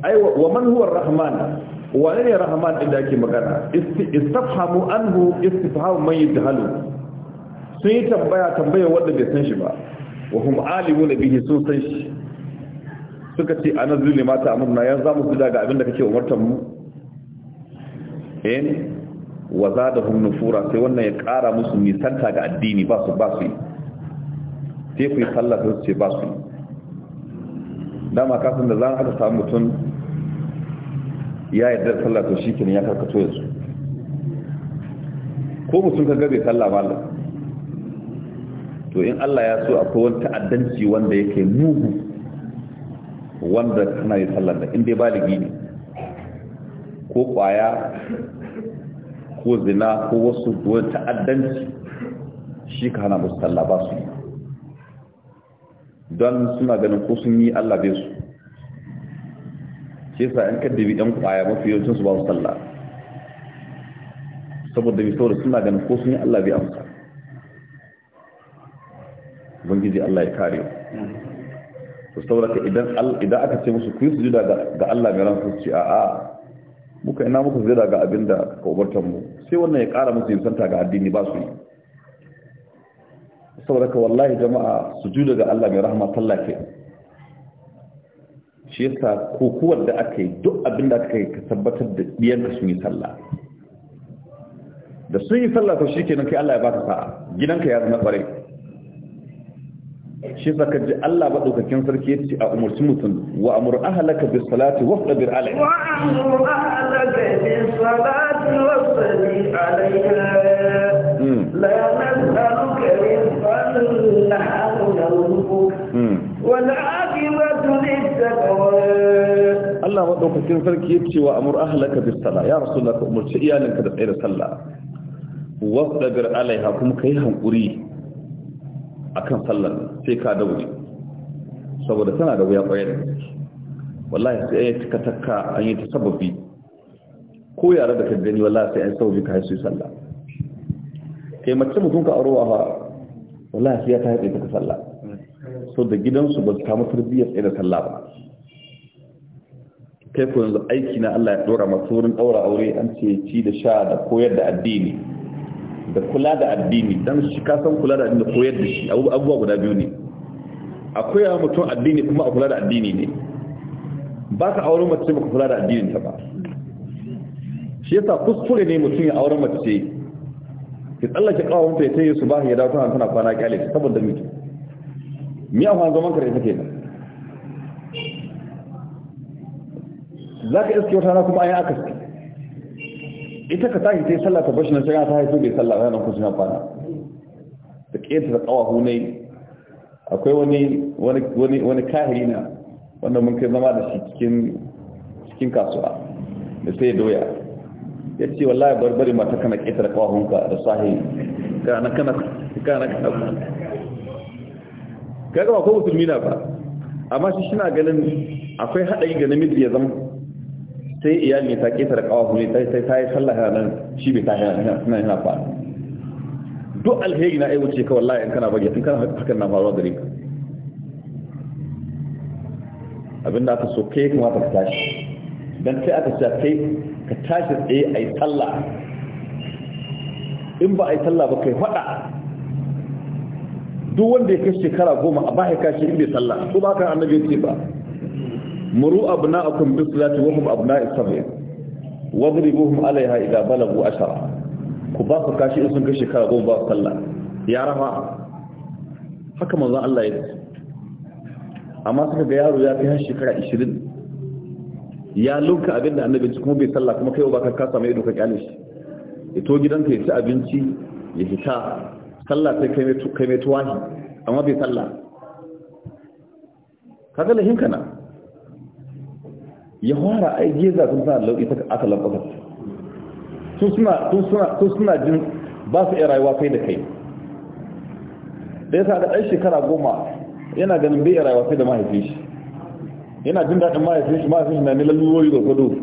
أي ومن هو الرحمن وأي رحمن إذا كي مكانا استفهموا أنه استفحوا من يدهلوا سيتبايا تنبيه وده بيسنشبه wa hum alimuna bihi sun san shi suka ce a nazilu ne mata amurna ya za mu su daga abinda kake umartan mu ne wa za da hun nufura sai wannan ya kara musu nisanta ga addini ba su ba su yi sai ku yi sallah su ce ba su yi dama kasan da zan aka samu mutum ya yarda sallah to shi ya karkato yanzu ko mutum ka gabe sallah malam to in Allah ya so akwai wani ta'addanci wanda yake mugu wanda tana yi sallar da inda baligi ne ko kwaya ko zina ko wasu wani ta'addanci shi ka hana musu talla ba su don suna ganin ko sun yi Allah bai su shi sa in kaddabi yan kwaya mafi yawancin su ba su talla saboda bi saboda suna ganin ko sun yi Allah bai amsa ubangiji Allah ya kare su saboda idan idan aka ce musu ku yi sujuda ga Allah mai ransu ce a'a muka ina muka zira ga abinda ka ubartan mu sai wannan ya kara musu santa ga addini ba su yi saboda ka wallahi jama'a sujuda ga Allah mai rahama tallake shi yasa kokuwar da aka yi duk abinda aka yi ka tabbatar da ɗiyanka sun yi sallah da sun yi sallah to shi kenan kai Allah ya baka sa'a gidanka ya zama ƙwarai shi saka ji Allah madaukakin sarki yace a umurci mutum wa amur ahlaka bis salati wa sabir alaiha wa amur ahlaka bis salati wa sabir alaiha la nas'aluka rizqan la hawla wala aqibatu lit-taqwa Allah madaukakin sarki yace wa amur ahlaka bis sala ya rasulullah umurci iyalinka da tsayar sallah wasdabir alaiha kuma kai hankuri akan sallar sai ka daure saboda tana da wuya kwaye wallahi sai yi cika takka an yi ta sababi ko ya da ka gani wallahi sai an sababi ka haisu sallah kai mace mutum ka aro a wallahi sai ya ta haɗe ta sallah so da gidansu ba su kama tarbiyyar tsaye da salla ba kai ko yanzu aiki na Allah ya dora masu wurin daura aure an ce ci da sha da koyar da addini da kula da addini dan shi ka san kula da addini koyar da shi abubuwa guda biyu ne akwai yawa mutum addini kuma a kula da addini ne ba ka auren mace ba ka kula da addininta ta ba shi yasa kuskure ne mutum ya auren mace ki tsallake kawon ta ta yi su ba ya dawo tana tana kwana kyale saboda mutum mi a kwana zaman kare take nan za ka iske wata na kuma aka akasi ita ka tashi sai sallah ta bashi na shiga ta haifu bai sallah ranar kusa na kwana ta ƙeta ta ƙawahu ne akwai wani wani wani kahiri na wanda mun kai zama da shi cikin cikin kasuwa da sai doya ya ce wallahi barbari mata kana ƙeta da ƙawahunka da sahi kana kana kana kana kaga ba ko musulmi na ba amma shi shi na ganin akwai haɗari ga namiji ya zama sai iyali ta ƙetare ƙawafu ne sai ta yi sallah nan shi bai ta yana yana faɗi duk alheri na aiwace ka wallahi in kana bari in kana hakan na faruwa gare ka abinda aka so kai kuma ka tashi dan sai aka sa kai ka tashi tsaye a yi sallah in ba a yi sallah ba kai faɗa duk wanda ya kai shekara goma a ba ya kashi in bai sallah ko ba ka annabi ya ce ba muru abna'akum bis salati wa hum abna'i sab'in wadribuhum 'alayha idha balagu ashara ku ba ku kashi in sun kashi shekara goma ba sallah ya rafa haka manzo Allah ya ce amma suka ga yaro ya kai shekara 20 ya luka abin da annabi kuma bai sallah kuma kai ba ka ka samu ido ka kyale shi ya to gidanka ya ci abinci ya fita sallah sai kai mai kai mai tuwahi amma bai sallah kaga lahinka na ya fara ai jiya za sun sana ta aka lambakar su suna jin ba su iya rayuwa kai da kai da ya sa da ɗan shekara goma yana ganin bai iya rayuwa kai da mahaifin shi yana jin daɗin mahaifin shi mahaifin shi na ne lalurori da kudu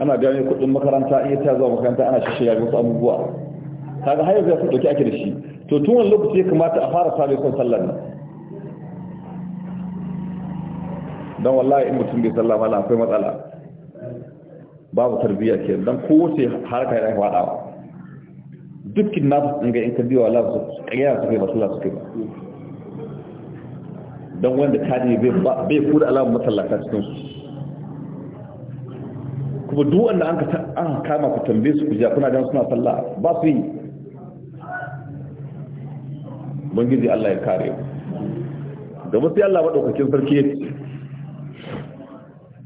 ana biya mai kuɗin makaranta iya ya ta zuwa makaranta ana shi shiga wasu abubuwa ta ga yanzu ya sun ɗauki ake da shi to tun wani lokaci ya kamata a fara sa mai sallar nan don wallahi in mutum bai sallah mala akwai matsala babu tarbiyya ke don kowace harka ya haifa dawa dukkin na su ga in ka wa lafi su kariya su kai matsala su kai ba don wanda ta ne bai kuda alamun matsalaka cikin su kuma duk wanda an kama ku tambaye su ku ja kuna don suna sallah ba su yi bangiji Allah ya kare Ga domin sai Allah maɗaukakin sarki ya ce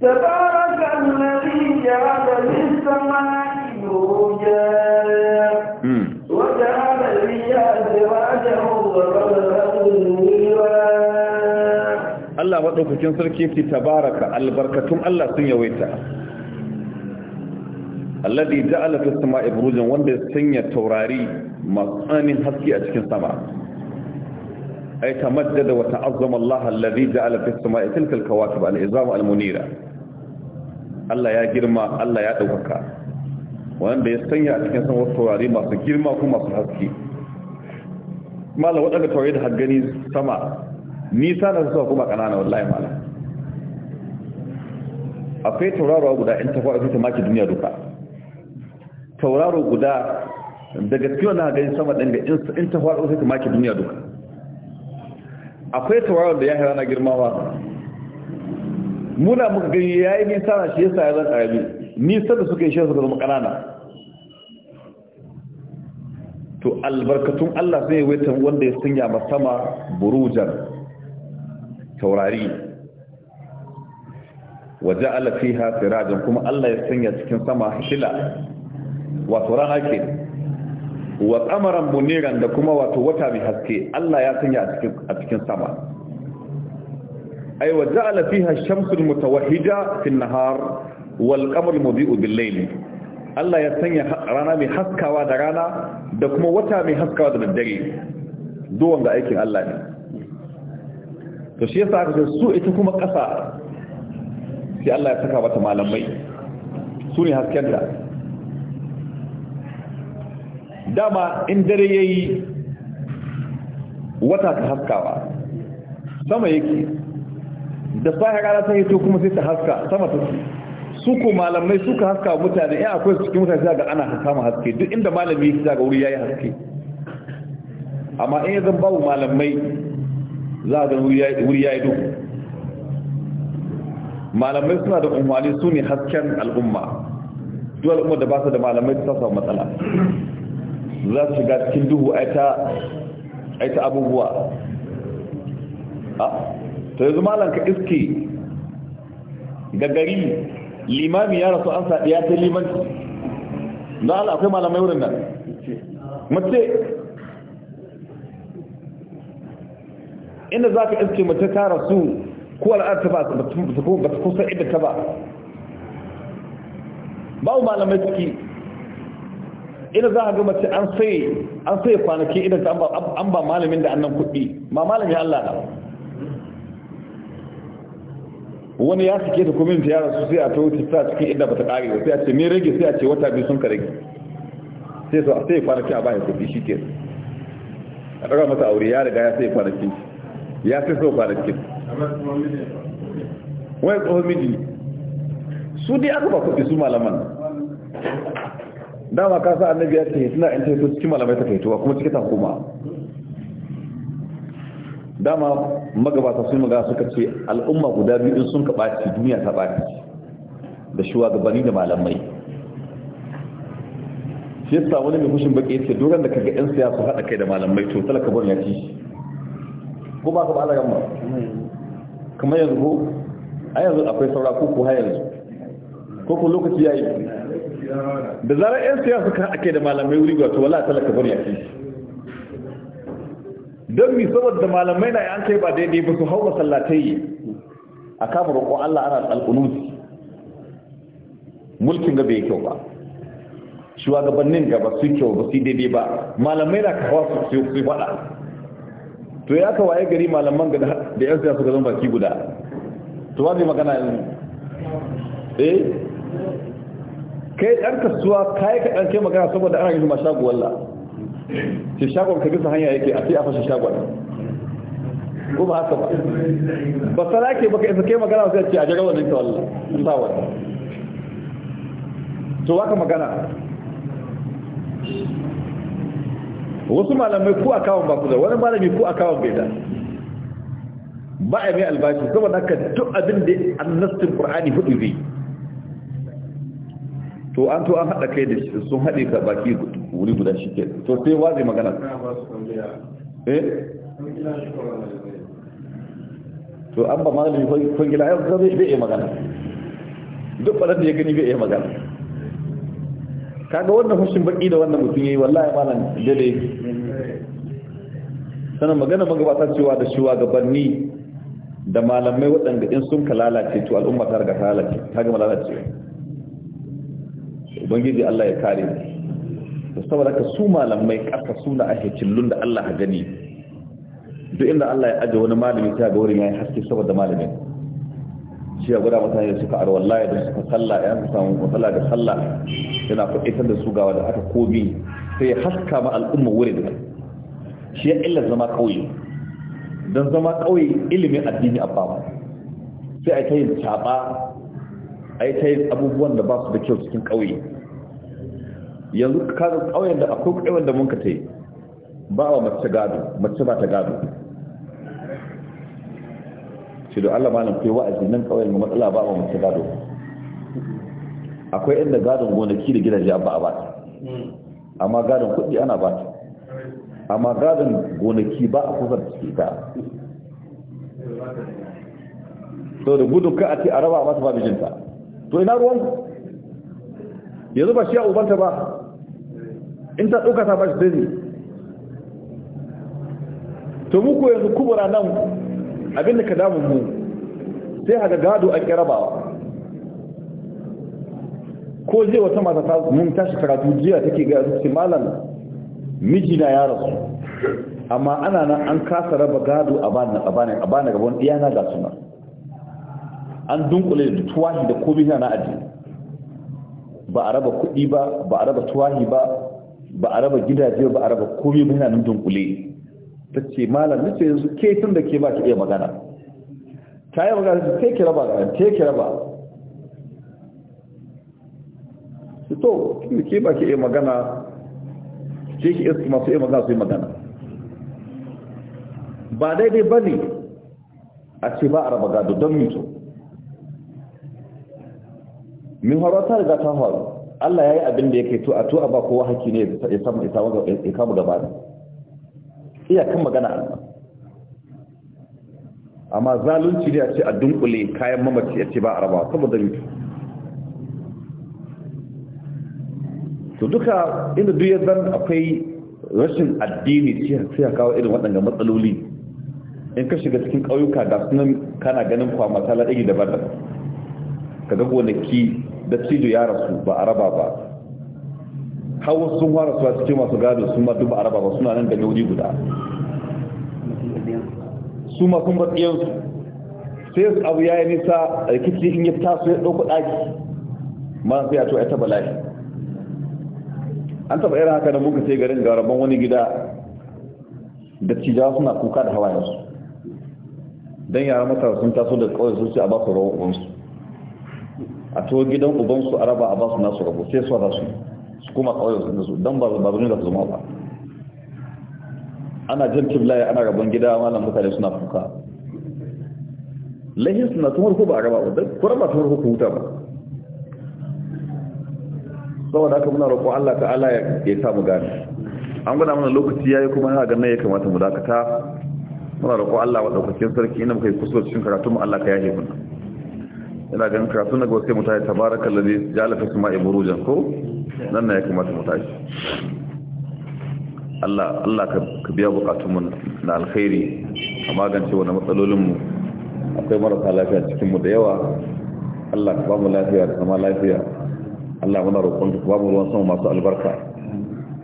تبارك الذي جعل للسماء بروجا وجعل الرياح سراجا وقدرا منيرا الله ودوكين سركي يتي تبارك البركتم الله سن الذي جعل في السماء بروجا وند سن توراري مصان حسكي a سماء أي تمدد وتعظم الله الذي جعل في السماء تلك الكواكب العظام المنيرة Allah ya girma Allah ya ɗaukaka wanda ya sanya a cikin sanwar taurari masu girma ko masu haske mala waɗanda taurari da haggani sama nisa na zuwa kuma ƙanana wallahi mala akwai tauraro guda in a ita maki duniya duka tauraro guda daga tiyo na haggani sama ɗan da in a ita maki duniya duka akwai tauraro da ya hira na girmawa muna muka gani ya yi nisa na shi yasa ya zan ƙarami nisa da suka yi shi suka zama ƙanana to albarkatun Allah sun yi wetan wanda ya sanya masama burujar taurari waje alafiha sirajan kuma Allah ya sanya cikin sama shila wato rana ke wa tsamaran buniran da kuma wato wata mai haske Allah ya sanya a cikin sama Aiwa wa ja'ala fiha ash-shamsu al-mutawahhida fi an-nahar wal qamaru mudhi'u bil-layl Allah ya sanya rana mai haskawa da rana da kuma wata mai haskawa da daddare duwan ga aikin Allah ne to shi yasa aka ce su ita kuma ƙasa sai Allah ya saka mata malamai su ne haskenta dama in dare yayi wata ta haskawa sama yake da ga rana ta to kuma sai ta haska sama ta su ko malamai suka haska mutane in akwai cikin mutane za ga ana samun haske duk inda malami yake za ga wuri yayi haske amma in yanzu babu malamai za ga wuri yayi duhu malamai suna da umarni su ne hasken al'umma duk al'umma da ba su da malamai ta samu matsala za su shiga cikin duhu aita abubuwa ah, to yanzu malam ka iske da gari limami ya rasu an saɗi ya ta limanci don Allah akwai malamai wurin nan mace inda za ka iske mace ta rasu ko al'adar ta ba ba ta kusa inda ta ba babu malamai ciki ina za a ga mace an sai kwanaki idan an ba malamin da annan kuɗi ma malamin Allah na wani ya sake ta kuma ya rasu sai a ta wuce ta cikin inda ba ta kare ba sai a ce mai rage sai a ce wata biyu sun ka rage sai a sai fara ci a ya kuɗi shi ke a ɗaga masa aure ya riga ya sai fara ci ya sai so fara ci wani tsohon miji su dai aka ba kuɗi su malaman dama ka sa annabi ya ce suna in su cikin malamai ta kaituwa kuma cikin ta hukuma dama magabata sun magana suka ce al'umma guda biyu in sun ci duniya ta ɓaci da shugabanni da malamai shi yasa wani mai kushin baki ce doron da kaga yan siyasa haɗa kai da malamai to talaka bon ya ci ko ba ka ba ala gama kamar yanzu ko a yanzu akwai saura ko ko yanzu ko ko lokaci ya yi da zarar yan siyasa haɗa kai da malamai wuri ga to wala talaka bon ya ci don mi saboda malamai na an kai ba daidai ba su hau masallatai a kamar ko Allah ana alƙunuti mulkin gaba ya kyau ba shugabannin gaba ba su kyau ba su daidai ba malamai na kawo su su faɗa to ya ka ya gari malaman ga da yan siyasa su zan baki guda to wani magana yanzu eh kai ɗan kasuwa kayi ka kai magana saboda ana yin mashaguwar Allah shi shagon ka bisa hanya yake a sai a fashe shagon ko ba haka ba ba sara ke baka isa kai magana sai ce a jaga wannan ta wallahi in ba to waka magana wasu malamai ko akawun ba ku da wani malami ko akawun bai da ba a mai albashi saboda haka duk abin da annastin qur'ani hudu zai to an to an haɗa kai da shi sun haɗe ka baki wuri guda shi ke to sai waje magana eh? to an ba malami kwangila yau zai bai iya magana duk faɗar da ya gani bai iya magana kaga wannan hushin baki da wannan mutum yayi wallahi malam dade sanan magana magabata cewa da banni da malamai waɗanda in sun ka lalace to al'umma ta riga ta lalace kaga ga ubangiji Allah ya kare mu saboda ka su malamai kasa suna a cillun da Allah ha gani duk inda Allah ya aje wani malami ta ga wurin yayin haske saboda malamin shi ya gura mutane da suka arwa Allah da suka sallah ya su samu matsala da sallah yana faɗaitar da su ga wanda aka komi sai ya haska ma al'umma wurin shi ya illa zama kauye don zama kauye ilimin addini a abba sai a ta yin caba a ta yin abubuwan da ba su da kyau cikin kauye yanzu kaga kauyen da akwai kauyen wanda mun ka tai ba wa mace gado mace ba ta gado shi da Allah malam kai wa'azi nan kauyen mu matsala ba wa mace gado akwai inda gadon gonaki da gidaje ba a ba amma gadon kuɗi ana ba ta amma gadon gonaki ba a kusa da ciki ta sau da gudun ka a ce a raba a ba mijinta to ina ruwan yanzu ba shi a ubanta ba in ta ɗauka ta bashi dare to muku yanzu kubura nan abin da ka damu mu sai haka gado a kirabawa ko zai wata mata ta mun tashi karatu jiya take ga su malam mijina ya rasu amma ana nan an kasa raba gado a bana a bana a bana gaban iyana ga suna an dunkule da tuwahi da komai na na'adi. ba a raba kuɗi ba ba a raba tuwahi ba ba a raba gidaje ba a raba komai ba yana nan dunkule ta ce malam sai yanzu ke tun da ke ba ki iya magana ta yi magana ta ke raba ga ta ke raba su to ke ba ki iya magana ke ki iska masu iya magana su yi magana ba daidai ba ne a ce ba a raba gado don mito min haro ta riga ta horo Allah ya yi abin da yake to tu'a ba kowa haƙƙi ne ya samu ya samu gaba iya kan magana Allah amma zalunci ne a ce a dunkule kayan mamaci ya ce ba a raba saboda mutu to duka inda duk ya zan akwai rashin addini ce sai kawo irin waɗanda matsaloli in ka shiga cikin ƙauyuka da sunan kana ganin matsala laɗari daban-daban ka ga gonaki dattijo ya rasu ba a raba ba hawa sun fara su cikin masu gado sun ma duba a raba ba suna nan da wuri guda su ma sun sai su abu ya yi nisa rikici in yi taso ya ɗauku ɗaki ma sai a to ya taba lafi an taba irin haka da muka sai garin rabon wani gida da cijawa suna kuka da hawayensu don yara matasa sun taso da kawai su ce a ba su rawan uwansu a to gidan ubansu a raba a ba su nasu rabo sai su rasu su kuma kawai da su don ba zuwa da su zama ba ana jan kiblaya ana rabon gida malam mutane suna fuka lahin suna tun harko ba a raba wadda kuran ba tun harko ku huta ba saboda haka muna roƙo Allah ala ya sa mu gane an gwada mana lokaci ya yi kuma yana ganin ya kamata mu dakata muna roƙo Allah wa ɗaukakin sarki ina muka yi cikin karatu mu Allah ka yahe muna ina ganin kafin na gaba sai mu tashi tabarakal ladhi ja'ala fi sama'i burujan ko nan na ya kamata mu tashi Allah Allah ka biya bukatunmu na alkhairi a magance wani matsalolinmu akwai marasa lafiya cikinmu da yawa Allah ka ba mu lafiya da sama lafiya Allah muna roƙon ka ba mu ruwan sama masu albarka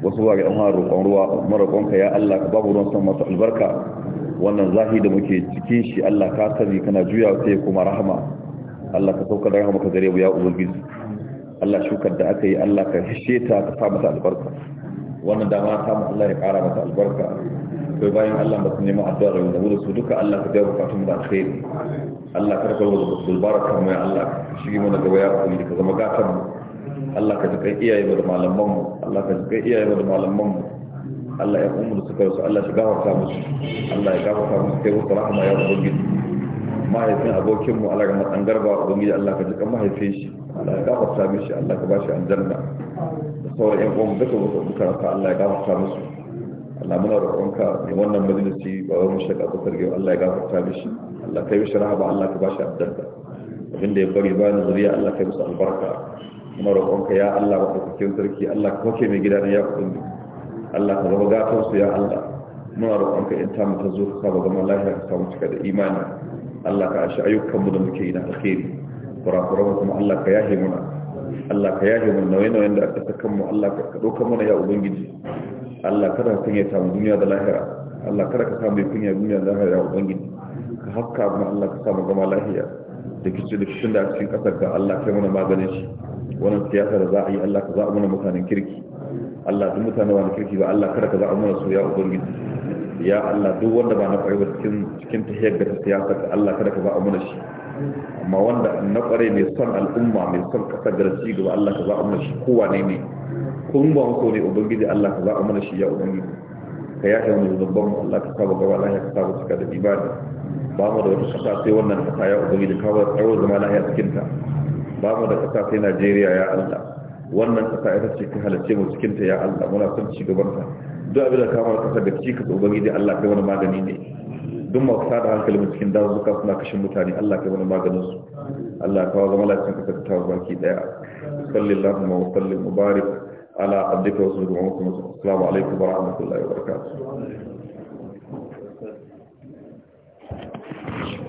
wasu ba ga an fara roƙon ruwa maroƙon ka ya Allah ka ba mu ruwan sama masu albarka wannan zahi da muke cikin shi Allah ka sani kana juya sai kuma rahama Allah ka sauka da rahama ka gare mu ya ubangiji Allah shukar da aka yi Allah ka hishe ta ka sa mata albarka wannan dama ta mu Allah ya kara mata albarka kai bayan Allah ba su nemi addu'a ga wanda su duka Allah ka jawo bukatun da alkhairi Allah ka rabu da bulbaraka mu ya Allah shige mu daga waya ku ka zama gatan Allah ka jikai iyaye mu da malaman mu Allah ka jikai iyaye mu da malaman mu Allah ya ummu da suka rasu Allah shi gafarta musu Allah ya gafarta musu kai wa rahama ya ubangiji mahaifin abokinmu Allah ga matsan garba a ubangiji Allah ka jikan mahaifin shi Allah ya sami shi Allah ka bashi aljanna da sauran yan uwan duka bukara ka Allah ya sami su Allah muna roƙonka mai wannan majalisi ba wai mu shaka bakar gaba Allah ya gafarta mishi Allah ka yi mishi ba, Allah ka bashi aljanna abin da ya bari bayan zuriya Allah ka yi musu albarka muna roƙonka ya Allah ba ka sarki Allah ka hoke mai gidan ya kuɗi Allah ka zama gafarsu ya Allah muna roƙonka in ta mu ta zo ka saba zaman lafiya ka samu cika da imani Allah ka ashi ayyukanmu da muke yi na alkhairi kurakuranmu kuma Allah ka yahe muna Allah ka yahe muna nauye-nauyen da aka saka mu Allah ka ɗauka mana ya ubangiji Allah kada ka sanya samu duniya da lahira Allah kada ka samu kunya duniya da lahira ya ubangiji ka hafka mu Allah ka samu zama lahiya da kici da kicin da a cikin ƙasar ka Allah kai mana maganin shi wannan siyasa da za a yi Allah ka za a mana mutanen kirki Allah duk mutanen wani kirki ba Allah kada ka za a mana su ya ubangiji ya Allah duk wanda ba na kwarai ba cikin cikin tahiyar da siyasa ka Allah kada ka ba a mana shi amma wanda na kwarai mai son al'umma mai son kasar da ci gaba Allah ka ba a mana shi kowa ne ne kun ba so ne ubangiji Allah ka ba a mana shi ya ubangiji ka yafe mu zubban mu Allah ka saba gaba lahiya ka saba cika da ibada ba mu da wata kasa sai wannan kasa ya ubangiji ka ba tsaro zama lahiya cikin ta ba mu da kasa sai Najeriya ya Allah wannan kasa ita ce ka halarce mu cikin ta ya Allah muna son ci gaban ta duk abin da kamar kasa da ciki ka ubangiji Allah kai wani magani ne duk masu tada hankalin cikin dazuka suna kashe mutane Allah kai wani maganin su Allah kawo zama lafiyan kasa ta tawo baki daya sallallahu wa sallim mubarak ala abdika wa sallam wa sallam assalamu alaikum wa rahmatullahi wa barakatuh